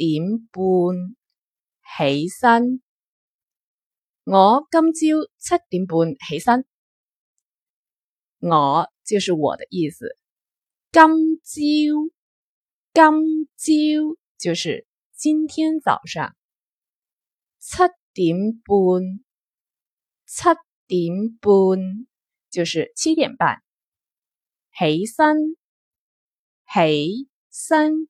點半起身，我今朝七點半起身，我就是我的意思。今朝今朝，就是今天早上七點半，七點半就是七點半起身，起身。起身